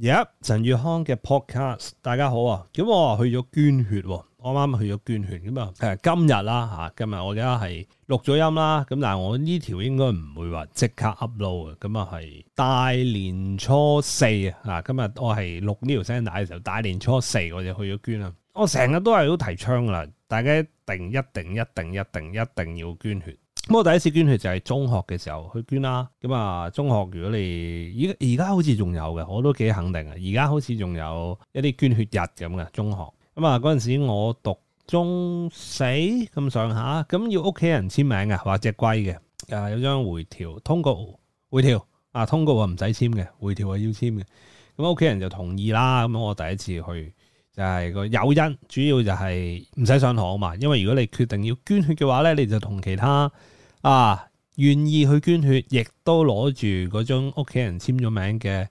而家陳宇康嘅 podcast，大家好啊。咁我話去咗捐，哦、捐血，我啱啱去咗捐血，咁啊，今日啦吓，今日我而家係錄咗音啦。咁但係我呢條應該唔會話即刻 upload 嘅，咁啊係大年初四啊，吓今日我係錄呢條聲帶嘅時候，大年初四我就去咗捐啦。我成日都係都提倡㗎喇，大家一定一定一定一定一定要捐血。咁我第一次捐血就係中學嘅時候去捐啦。咁、嗯、啊，中學如果你而而家好似仲有嘅，我都幾肯定啊。而家好似仲有一啲捐血日咁嘅中學。咁、嗯、啊，嗰陣時我讀中四咁上下，咁、嗯、要屋企人簽名嘅，或者歸嘅。誒、啊、有張回條，通告回條啊，通告啊唔使簽嘅，回條啊要簽嘅。咁屋企人就同意啦。咁、嗯、我第一次去就係、是、個誘因，主要就係唔使上堂啊嘛。因為如果你決定要捐血嘅話咧，你就同其他。啊，願意去捐血，亦都攞住嗰張屋企人簽咗名嘅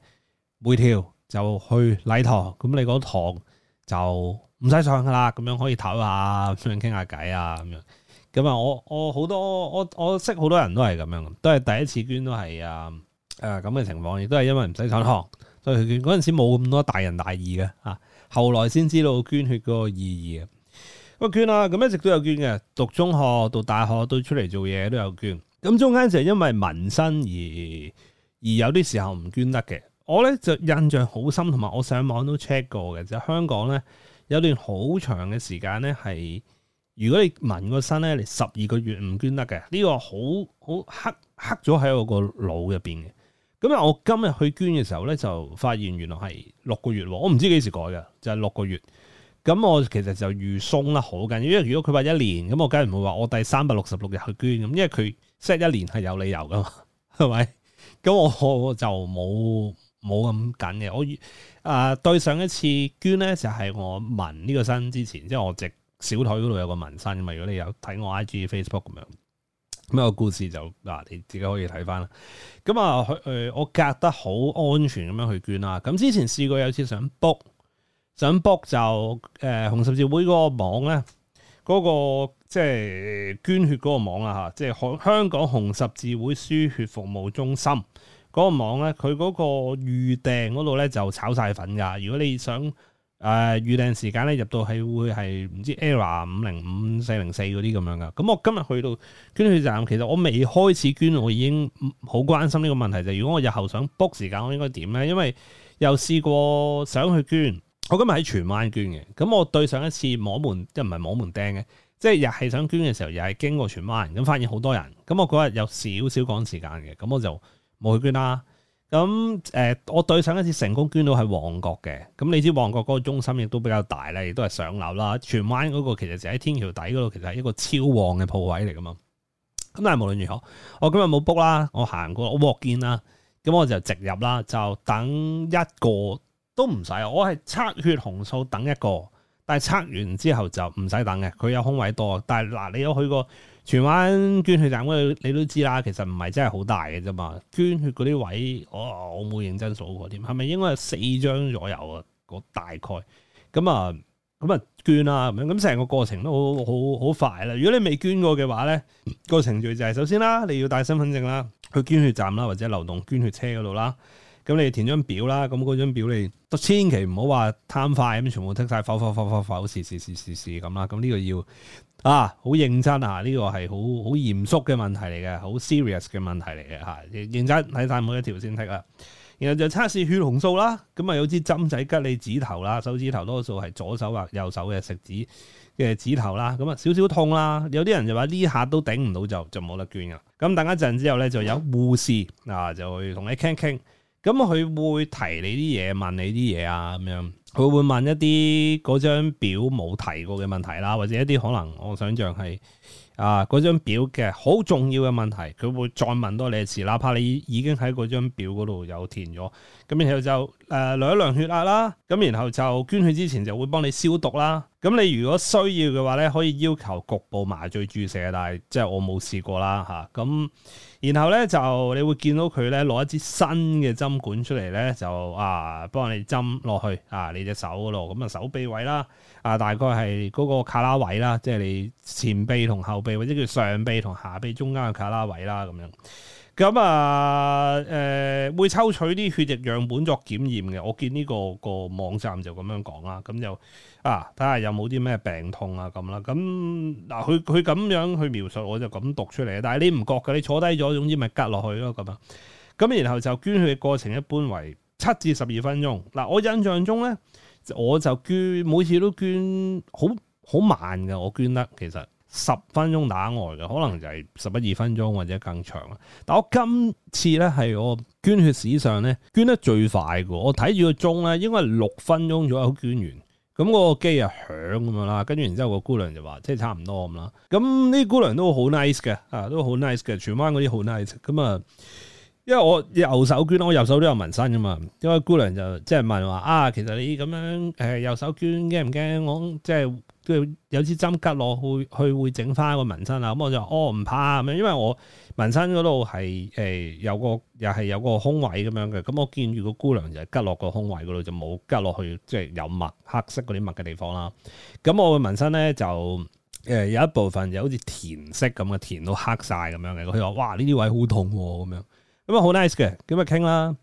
回條，就去禮堂。咁你嗰堂就唔使上噶啦，咁樣可以唞下，咁樣傾下偈啊，咁樣。咁啊，我我好多我我識好多人都係咁樣，都係第一次捐都係啊誒咁嘅情況，亦都係因為唔使上堂，所以嗰陣時冇咁多大人大義嘅啊。後來先知道捐血個意義。捐啊，咁一直都有捐嘅，讀中學、讀大學、到出嚟做嘢都有捐。咁中間就係因為紋身而而有啲時候唔捐得嘅。我咧就印象好深，同埋我上網都 check 過嘅，就係香港咧有段好長嘅時間咧係，如果你紋個身咧，你十二個月唔捐得嘅。呢個好好黑黑咗喺我個腦入邊嘅。咁啊，我今日去捐嘅時候咧就發現原來係六個月，我唔知幾時改嘅，就係六個月。咁我其實就預鬆啦，好緊要，因為如果佢話一年，咁我梗係唔會話我第三百六十六日去捐咁，因為佢 set 一年係有理由噶嘛，係咪？咁我就冇冇咁緊嘅，我預啊、呃、對上一次捐咧就係、是、我紋呢個身之前，即、就、係、是、我隻小腿嗰度有個紋身嘛。如果你有睇我 I G Facebook 咁樣，咁、那個故事就嗱、啊，你自己可以睇翻啦。咁啊，去、呃、誒我隔得好安全咁樣去捐啦。咁之前試過有次想 book。想 book 就誒紅、呃、十字會嗰個網咧，嗰、那個即係、就是、捐血嗰個網啦嚇、啊，即係香港紅十字會輸血服務中心嗰、那個網咧，佢嗰個預訂嗰度咧就炒晒粉㗎。如果你想誒預訂時間咧，入到係會係唔知 error 五零五四零四嗰啲咁樣㗎。咁我今日去到捐血站，其實我未開始捐，我已經好關心呢個問題就係、是，如果我日後想 book 時間，我應該點咧？因為又試過想去捐。我今日喺荃灣捐嘅，咁我對上一次摸門即唔係摸門釘嘅，即係又係想捐嘅時候，又係經過荃灣，咁發現好多人，咁我嗰日有少少趕時間嘅，咁我就冇去捐啦。咁誒、呃，我對上一次成功捐到喺旺角嘅，咁你知旺角嗰個中心亦都比較大咧，亦都係上樓啦。荃灣嗰個其實就喺天橋底嗰度，其實係一個超旺嘅鋪位嚟噶嘛。咁但係無論如何，我今日冇 book 啦，我行過 walk in 啦，咁我，我就直入啦，就等一個。都唔使，我係測血紅素等一個，但係測完之後就唔使等嘅。佢有空位多，但係嗱、呃，你有去過荃灣捐血站嗰度，你都知啦。其實唔係真係好大嘅啫嘛。捐血嗰啲位，哦、我我冇認真數過添，係咪應該係四張左右啊？大概咁啊，咁啊捐啦咁樣，咁成個過程都好好好快啦。如果你未捐過嘅話咧，個程序就係首先啦，你要帶身份證啦，去捐血站啦，或者流動捐血車嗰度啦。咁你填張表啦，咁嗰張表你都千祈唔好話貪快咁，全部剔晒，tick 晒否否否否否，是是是是是咁啦。咁呢個要啊，好認真啊，呢個係好好嚴肅嘅問題嚟嘅，好 serious 嘅問題嚟嘅吓。認真睇晒每一條先剔啦。然後就測試血紅素啦，咁啊有支針仔吉你指頭啦，手指頭多數係左手或右手嘅食指嘅指頭啦，咁啊少少痛啦。有啲人就話呢下都頂唔到就就冇得捐㗎。咁等一陣之後咧，就有護士啊就會同你傾傾。咁佢、嗯、會提你啲嘢，問你啲嘢啊，咁樣，佢會問一啲嗰張表冇提過嘅問題啦，或者一啲可能我想象係啊嗰張表嘅好重要嘅問題，佢會再問多你一次，哪怕你已經喺嗰張表嗰度有填咗，咁然後就誒、呃、量一量血壓啦，咁然後就捐血之前就會幫你消毒啦。咁你如果需要嘅話咧，可以要求局部麻醉注射，但係即係我冇試過啦嚇。咁、啊、然後咧就你會見到佢咧攞一支新嘅針管出嚟咧，就啊幫你針落去啊你隻手嗰度，咁、嗯、啊手臂位啦，啊大概係嗰個卡拉位啦，即係你前臂同後臂或者叫上臂同下臂中間嘅卡拉位啦咁樣。咁啊，誒、嗯、會抽取啲血液樣本作檢驗嘅，我見呢、這個個網站就咁樣講啦。咁就啊，睇下有冇啲咩病痛啊咁啦。咁嗱，佢佢咁樣去描述，我就咁讀出嚟。但係你唔覺㗎，你坐低咗，總之咪隔落去咯咁啊。咁然後就捐血嘅過程一般為七至十二分鐘。嗱、啊，我印象中咧，我就捐，每次都捐好好慢㗎，我捐得其實。十分鐘打外、呃、嘅，可能就係十一二分鐘或者更長。但我今次咧係我捐血史上咧捐得最快嘅。我睇住個鐘咧，應該係六分鐘左右捐完。咁、嗯、我、個機啊響咁樣啦，跟住然之後個姑娘就話，即係差唔多咁啦。咁、嗯、呢姑娘都好 nice 嘅，吓、啊、都好 nice 嘅，荃灣嗰啲好 nice。咁、嗯、啊，因為我右手捐我右手都有紋身噶嘛。因為姑娘就即係問話啊，其實你咁樣誒、呃、右手捐驚唔驚？我即係。佢有支針拮落，會佢會整翻個紋身啊！咁我就哦唔怕咁樣，因為我紋身嗰度係誒有個又係有個空位咁樣嘅。咁我見住個姑娘就拮落個空位嗰度就冇拮落去，即係有墨黑色嗰啲墨嘅地方啦。咁我嘅紋身咧就誒、呃、有一部分就好似填色咁嘅，填到黑晒咁樣嘅。佢話：哇呢啲位好痛喎、啊、咁樣。咁啊好 nice 嘅，咁咪傾啦。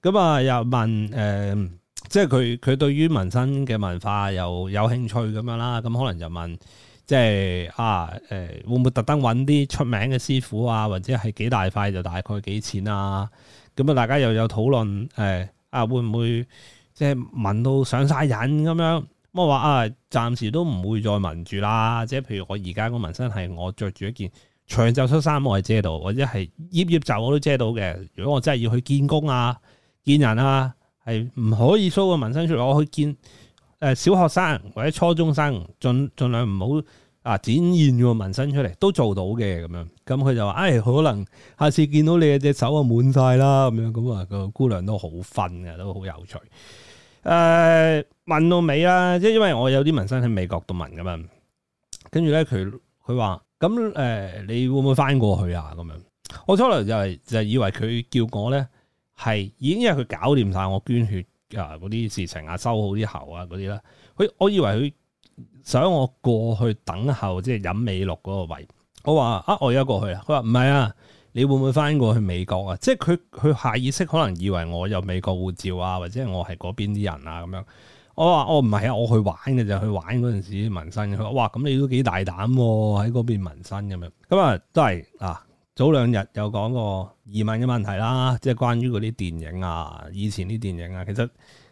咁啊又問誒。呃即係佢佢對於紋身嘅文化又有興趣咁樣啦，咁可能就問即係啊誒、呃，會唔會特登揾啲出名嘅師傅啊，或者係幾大塊就大概幾錢啊？咁啊，大家又有討論誒、哎、啊，會唔會即係紋到上晒人咁樣？我話啊，暫時都唔會再紋住啦。即係譬如我而家個紋身係我着住一件長袖恤衫，我係遮到，或者係葉葉袖我都遮到嘅。如果我真係要去見工啊、見人啊。係唔可以 show 個紋身出嚟，我去見誒小學生或者初中生，盡盡量唔好啊展現個紋身出嚟，都做到嘅咁樣。咁佢就話：，誒、哎，可能下次見到你隻手啊滿晒啦，咁樣咁啊、個姑娘都好瞓嘅，都好有趣。誒、呃，問到尾啦，即係因為我有啲紋身喺美國度紋噶嘛，跟住咧佢佢話：，咁誒、呃、你會唔會翻過去啊？咁樣，我初頭就係就以為佢叫我咧。係已經因為佢搞掂晒我捐血啊嗰啲事情啊收好啲喉啊嗰啲啦，佢我以為佢想我過去等候，即係飲美祿嗰個位，我話啊我而家過去啊，佢話唔係啊，你會唔會翻過去美國啊？即係佢佢下意識可能以為我有美國護照啊，或者我係嗰邊啲人啊咁樣。我話我唔係啊，我去玩嘅就去玩嗰陣時紋身。佢話哇咁你都幾大膽喎，喺嗰邊紋身咁樣咁啊，都係啊。早兩日有講過移民嘅問題啦，即係關於嗰啲電影啊，以前啲電影啊，其實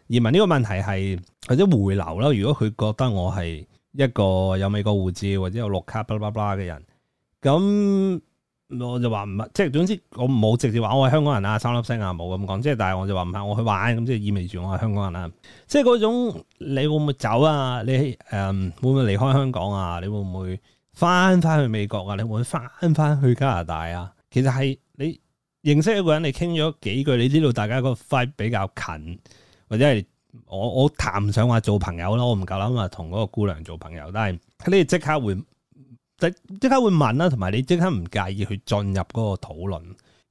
移民呢個問題係或者回流啦。如果佢覺得我係一個有美國護照或者有綠卡巴拉巴拉嘅人，咁我就話唔係，即係總之我冇直接話我係香港人啊，三粒星啊冇咁講。即係但係我就話唔怕我去玩，咁即係意味住我係香港人啊。即係嗰種你會唔會走啊？你誒、嗯、會唔會離開香港啊？你會唔會？翻翻去美國啊？你會翻翻去加拿大啊？其實係你認識一個人，你傾咗幾句，你知道大家個 friend 比較近，或者係我我談唔上話做朋友咯。我唔夠膽啊，同嗰個姑娘做朋友，但係你即刻會即即刻會問啦，同埋你即刻唔介意去進入嗰個討論。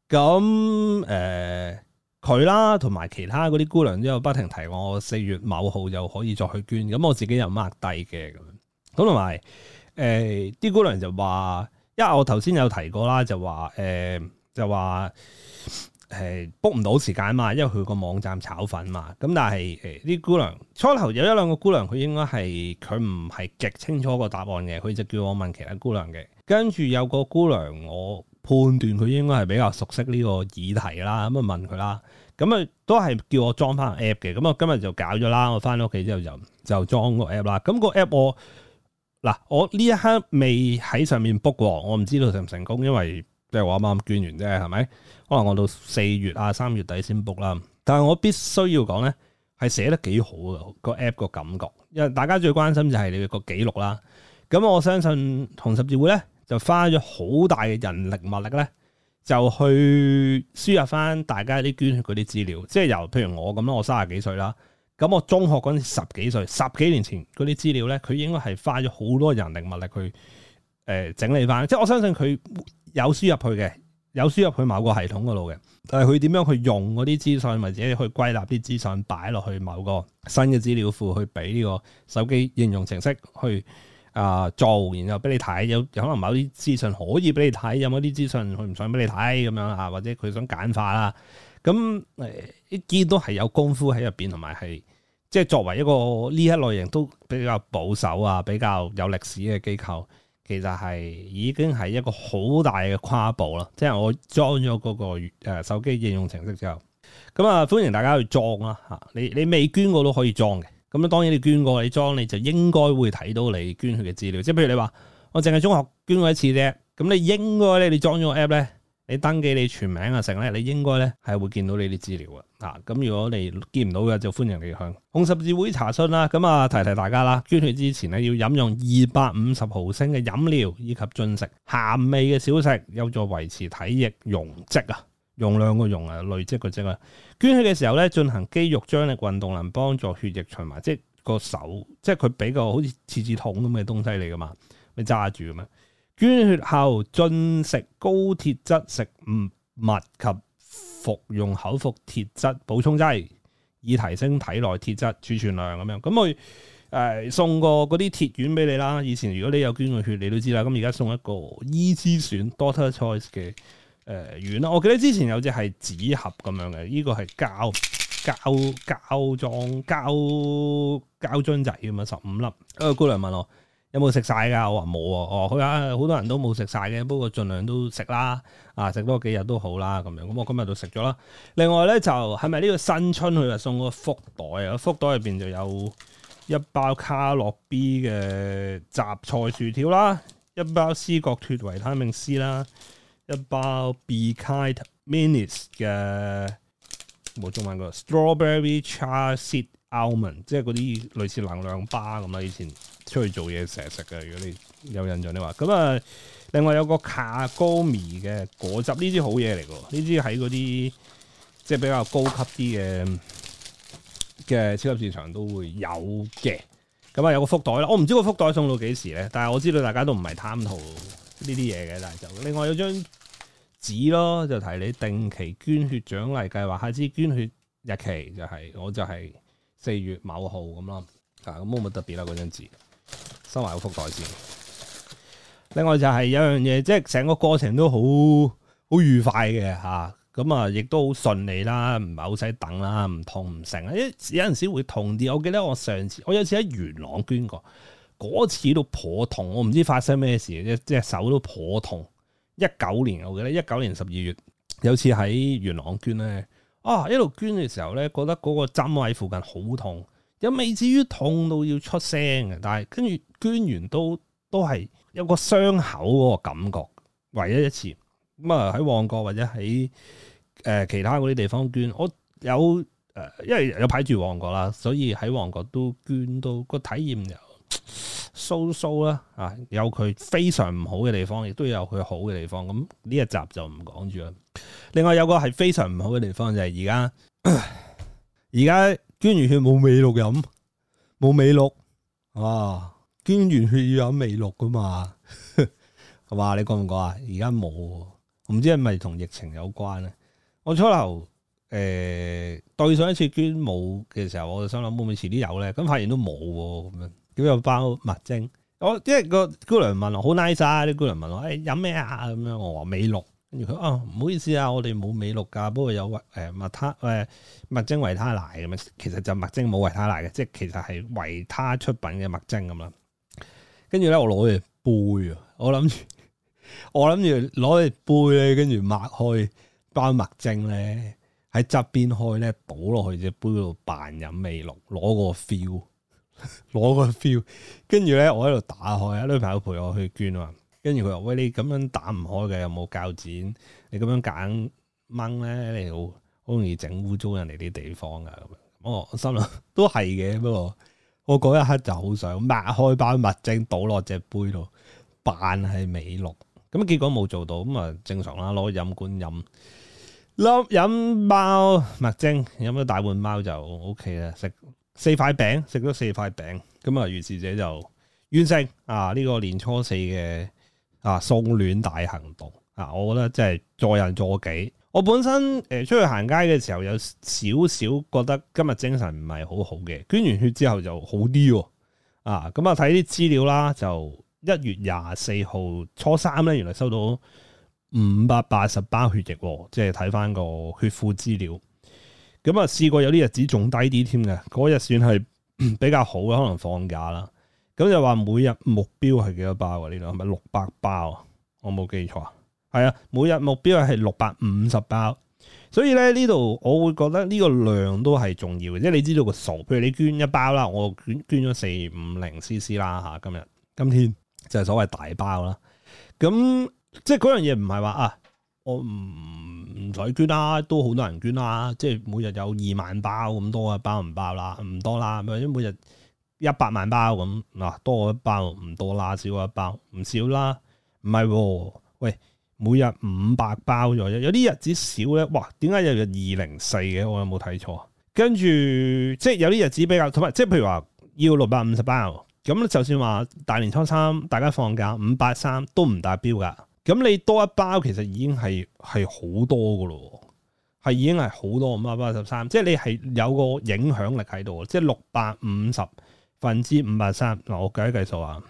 咁誒佢啦，同埋其他嗰啲姑娘之後不停提我四月某號又可以再去捐，咁我自己又擘低嘅咁樣，咁同埋。誒啲、呃、姑娘就話，因為我頭先有提過啦，就話誒、呃、就話誒 book 唔到時間嘛，因為佢個網站炒粉嘛。咁但係誒啲姑娘初頭有一兩個姑娘，佢應該係佢唔係極清楚個答案嘅，佢就叫我問其他姑娘嘅。跟住有個姑娘，我判斷佢應該係比較熟悉呢個議題啦，咁就問佢啦。咁啊都係叫我裝翻 app 嘅。咁我今日就搞咗啦，我翻到屋企之後就就裝個 app 啦。咁個 app 我。嗱，我呢一刻未喺上面 book 過，我唔知道成唔成功，因為即係我啱啱捐完啫，係咪？可能我到四月啊、三月底先 book 啦。但係我必須要講咧，係寫得幾好噶個 app 個感覺，因為大家最關心就係你個記錄啦。咁我相信紅十字會咧就花咗好大嘅人力物力咧，就去輸入翻大家啲捐血嗰啲資料，即係由譬如我咁咯，我卅幾歲啦。咁我中學嗰陣十幾歲，十幾年前嗰啲資料咧，佢應該係花咗好多人力物力去誒整理翻。即係我相信佢有輸入去嘅，有輸入去某個系統嗰度嘅，但係佢點樣去用嗰啲資訊，或者去歸納啲資訊擺落去某個新嘅資料庫，去俾呢個手機應用程式去啊、呃、做，然後俾你睇。有有可能某啲資訊可以俾你睇，有某啲資訊佢唔想俾你睇咁樣啊，或者佢想簡化啦。咁誒，一見都係有功夫喺入邊，同埋係即係作為一個呢一類型都比較保守啊，比較有歷史嘅機構，其實係已經係一個好大嘅跨步啦。即係我裝咗嗰個誒手機應用程式之後，咁啊歡迎大家去裝啦吓。你你未捐過都可以裝嘅。咁啊，當然你捐過你裝，你就應該會睇到你捐血嘅資料。即係譬如你話我淨係中學捐過一次啫，咁你應該咧你裝咗個 app 咧。你登記你全名啊，成咧你應該咧係會見到呢啲資料嘅。嗱、啊，咁如果你見唔到嘅，就歡迎你向紅十字會查詢啦。咁啊，提提大家啦，捐血之前咧要飲用二百五十毫升嘅飲料，以及進食鹹味嘅小食，有助維持體液容積啊，容量個容啊，累積個積啊。捐血嘅時候咧，進行肌肉張力運動，能幫助血液循環。即係個手，即係佢比較好似廁紙筒咁嘅東西嚟噶嘛，你揸住嘅咩？捐血後，進食高鐵質食物物及服用口服鐵質補充劑，以提升體內鐵質儲存量咁樣。咁佢誒送個嗰啲鐵丸俾你啦。以前如果你有捐過血，你都知啦。咁而家送一個醫之選 （Doctor Choice） 嘅誒丸啦。我記得之前有只係紙盒咁樣嘅，呢個係膠膠膠狀膠膠樽仔咁樣，十五粒。一個姑娘問我。有冇食晒㗎？我話冇啊。哦，佢話好多人都冇食晒嘅，不過儘量都食啦，啊，食多幾日都好啦，咁樣。咁我今日就食咗啦。另外咧，就係咪呢個新春佢話送個福袋啊？福袋入邊就有一包卡樂 B 嘅雜菜薯條啦，一包思覺脱維他命 C 啦，一包 Be Kind Minis 嘅冇中文個 strawberry chocolate 即係嗰啲類似能量巴咁啦，以前出去做嘢成日食嘅，如果你有印象你話，咁啊，另外有個卡哥咪嘅果汁呢啲好嘢嚟嘅，呢啲喺嗰啲即係比較高級啲嘅嘅超級市場都會有嘅。咁啊，有個福袋啦，我唔知個福袋送到幾時咧，但係我知道大家都唔係貪圖呢啲嘢嘅。但係就另外有張紙咯，就提你定期捐血獎勵計劃，下次捐血日期就係，我就係。四月某號咁咯，啊，咁冇乜特別啦，嗰張紙，收埋嗰幅袋先。另外就係有樣嘢，即係成個過程都好好愉快嘅嚇，咁啊亦都好順利啦，唔係好使等啦，唔痛唔成啊！有陣時會痛啲，我記得我上次，我有次喺元朗捐過，嗰次都頗痛，我唔知發生咩事，即係手都頗痛。一九年我記得，一九年十二月有次喺元朗捐咧。啊！一路捐嘅時候咧，覺得嗰個針位附近好痛，又未至於痛到要出聲嘅，但係跟住捐完都都係有個傷口嗰個感覺，唯一一次咁啊喺旺角或者喺誒、呃、其他嗰啲地方捐，我有誒、呃，因為有排住旺角啦，所以喺旺角都捐到個體驗又 so so 啦啊！有佢非常唔好嘅地方，亦都有佢好嘅地方，咁呢一集就唔講住啦。另外有個係非常唔好嘅地方就係而家，而家捐完血冇美祿飲，冇美祿，哇、啊！捐完血要飲美祿噶嘛？話你覺唔覺啊？而家冇，唔知係咪同疫情有關咧？我初頭誒、呃、對上一次捐冇嘅時候，我就心諗會唔會遲啲有咧？咁發現都冇喎，咁樣點有包物精？我即係個姑娘問我好 nice 啊，啲姑娘問我誒飲咩啊咁樣，我話美祿。跟住佢，哦，唔好意思啊，我哋冇美露噶、啊，不過有維誒維他誒麥精維他奶咁啊，其實就麥精冇維他奶嘅，即係其實係維他出品嘅麥精咁啦。跟住咧，我攞隻杯啊，我諗住我諗住攞隻杯咧，跟住抹開包麥精咧，喺側邊開咧倒落去隻杯度扮飲美露，攞個 feel，攞個 feel，跟住咧我喺度打開，阿女朋友陪我去捐啊。跟住佢話：喂，你咁樣打唔開嘅，有冇鉸剪？你咁樣揀掹咧，你好好容易整污糟人哋啲地方啊！咁樣，哦，心諗都係嘅，不過我嗰一刻就好想擘開包麥精倒落隻杯度扮係美祿，咁結果冇做到，咁啊正常啦，攞飲管飲，粒、飲包麥精飲咗大半包就 O K 啦，食四塊餅，食咗四塊餅，咁啊於是者就完成。啊！呢、這個年初四嘅。啊！送暖大行動啊！我覺得即係助人助己。我本身誒出去行街嘅時候有少少覺得今日精神唔係好好嘅，捐完血之後就好啲喎。啊，咁啊睇啲資料啦，就一月廿四號初三咧，原來收到五百八十包血液，即係睇翻個血庫資料。咁啊試過有啲日子仲低啲添嘅，嗰日算係 比較好嘅，可能放假啦。咁就話每日目標係幾多包啊？呢度係咪六百包啊？我冇記錯，係啊，每日目標係六百五十包。所以咧，呢度我會覺得呢個量都係重要嘅，即係你知道個數。譬如你捐一包啦，我捐捐咗四五零 CC 啦吓，今日今天就係所謂大包啦。咁即係嗰樣嘢唔係話啊，我唔唔使捐啦，都好多人捐啦。即係每日有二萬包咁多啊，包唔包啦？唔多啦，或者每日，一百萬包咁嗱，啊，多一包唔多啦，少一包唔少啦，唔係喎。喂，每日五百包咗，有啲日子少咧，哇！點解日日二零四嘅？我有冇睇錯？跟住即係有啲日子比較同埋，即係譬如話要六百五十包，咁就算話大年初三大家放假五百三都唔達標噶。咁你多一包，其實已經係係好多噶咯，係已經係好多五百八十三，即係你係有個影響力喺度即係六百五十分之五百三，嗱，我計一計數啊，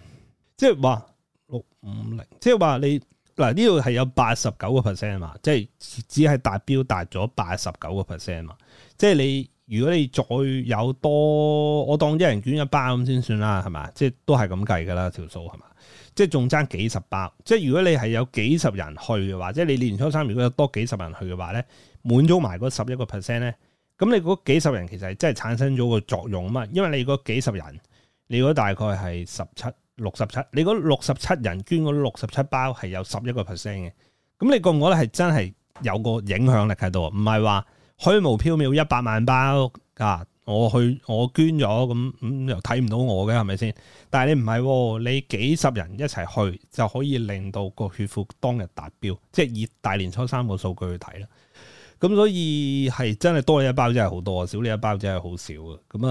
即係話六五零，即係話你嗱，呢度係有八十九個 percent 嘛，即係只係達標達咗八十九個 percent 嘛，即係你如果你再有多，我當一人捐一包咁先算啦，係嘛，即係都係咁計噶啦條數係嘛，即係仲爭幾十包，即係如果你係有幾十人去嘅話，即係你年初三如果有多幾十人去嘅話咧，滿足埋嗰十一個 percent 咧。呢咁你嗰幾十人其實係真係產生咗個作用啊嘛，因為你嗰幾十人，你嗰大概係十七六十七，你嗰六十七人捐嗰六十七包係有十一個 percent 嘅，咁你覺唔覺得係真係有個影響力喺度啊？唔係話虛無縹緲一百萬包啊，我去我捐咗，咁、嗯、咁又睇唔到我嘅係咪先？但係你唔係、哦，你幾十人一齊去就可以令到個血庫當日達標，即係以大年初三個數據去睇啦。咁所以係真係多你一包真係好多，少你一包真係好少嘅。咁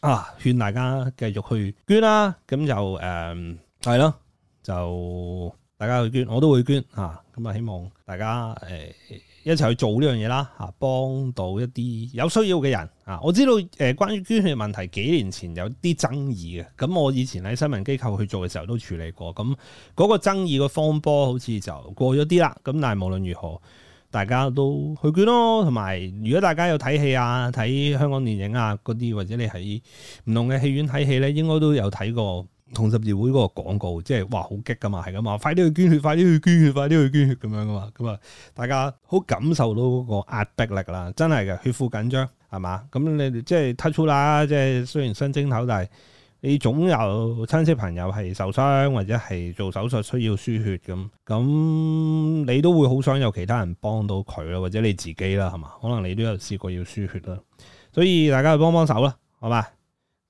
啊啊，勸大家繼續去捐啦。咁就誒係咯，就大家去捐，我都會捐吓。咁啊，希望大家誒、欸、一齊去做呢樣嘢啦，吓、啊、幫到一啲有需要嘅人啊。我知道誒，關於捐血問題，幾年前有啲爭議嘅。咁我以前喺新聞機構去做嘅時候都處理過。咁嗰個爭議個風波好似就過咗啲啦。咁但係無論如何。大家都去捐咯，同埋如果大家有睇戲啊、睇香港電影啊嗰啲，或者你喺唔同嘅戲院睇戲咧，應該都有睇過紅十字會嗰個廣告，即係哇好激噶嘛，係咁話，快啲去捐血，快啲去捐血，快啲去捐血咁樣噶嘛，咁啊大家好感受到嗰個壓迫力啦，真係嘅血庫緊張係嘛？咁你即係睇出啦，即係雖然新正頭，但係。你總有親戚朋友係受傷，或者係做手術需要輸血咁，咁你都會好想有其他人幫到佢咯，或者你自己啦，係嘛？可能你都有試過要輸血啦，所以大家去幫幫手啦，係嘛？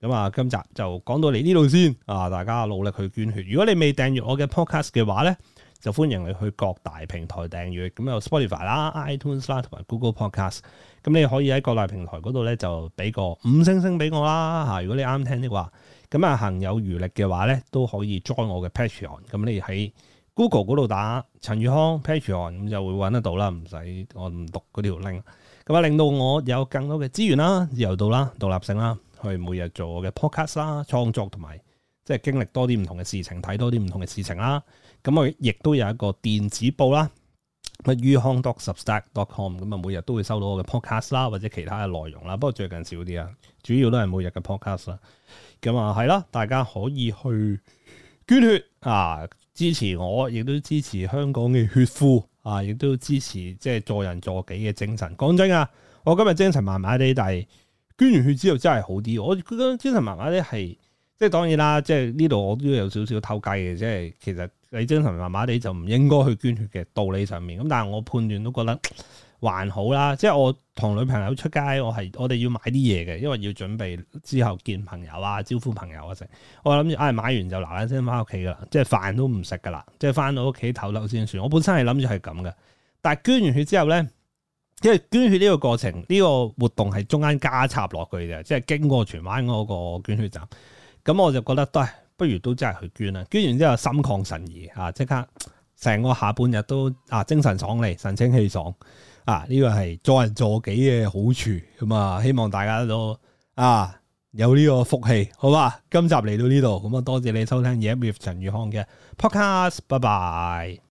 咁啊，今集就講到嚟呢度先，啊大家努力去捐血。如果你未訂閱我嘅 podcast 嘅話咧，就歡迎你去各大平台訂閱，咁有 Spotify 啦、iTunes 啦同埋 Google Podcast。咁你可以喺各大平台嗰度咧就俾個五星星俾我啦嚇，如果你啱聽的話。咁啊，行有餘力嘅話咧，都可以 join 我嘅、嗯、Patreon。咁你喺 Google 嗰度打陳宇康 Patreon，咁就會揾得到啦，唔使我唔讀嗰條 link。咁、嗯、啊、嗯，令到我有更多嘅資源啦、自由度啦、獨立性啦，去每日做我嘅 podcast 啦、創作同埋即係經歷多啲唔同嘅事情、睇多啲唔同嘅事情啦。咁我亦都有一個電子報啦。乜於康 substack.com 咁啊，每日都會收到我嘅 podcast 啦，或者其他嘅內容啦。不過最近少啲啊，主要都係每日嘅 podcast 啦。咁啊，係啦，大家可以去捐血啊，支持我，亦都支持香港嘅血庫啊，亦都支持即係助人助己嘅精神。講真啊，我今日精神麻麻地，但係捐完血之後真係好啲。我覺得精神麻麻地係，即係當然啦，即係呢度我都有少少偷雞嘅，即係其實。你精神麻麻地就唔應該去捐血嘅道理上面，咁但係我判斷都覺得還好啦。即係我同女朋友出街，我係我哋要買啲嘢嘅，因為要準備之後見朋友啊、招呼朋友啊成。我諗住唉買完就嗱嗱聲翻屋企噶啦，即係飯都唔食噶啦，即係翻到屋企唞一唞先算。我本身係諗住係咁嘅，但係捐完血之後咧，因為捐血呢個過程、呢、呢個活動係中間加插落去嘅，即係經過荃灣嗰個捐血站，咁我就覺得都係。哎不如都真係去捐啦，捐完之後心曠神怡啊，即刻成個下半日都啊精神爽利、神清氣爽啊！呢個係助人助己嘅好處，咁啊，希望大家都啊有呢個福氣，好嘛？今集嚟到呢度，咁啊，多謝你收聽葉面陳宇康嘅 podcast，拜拜。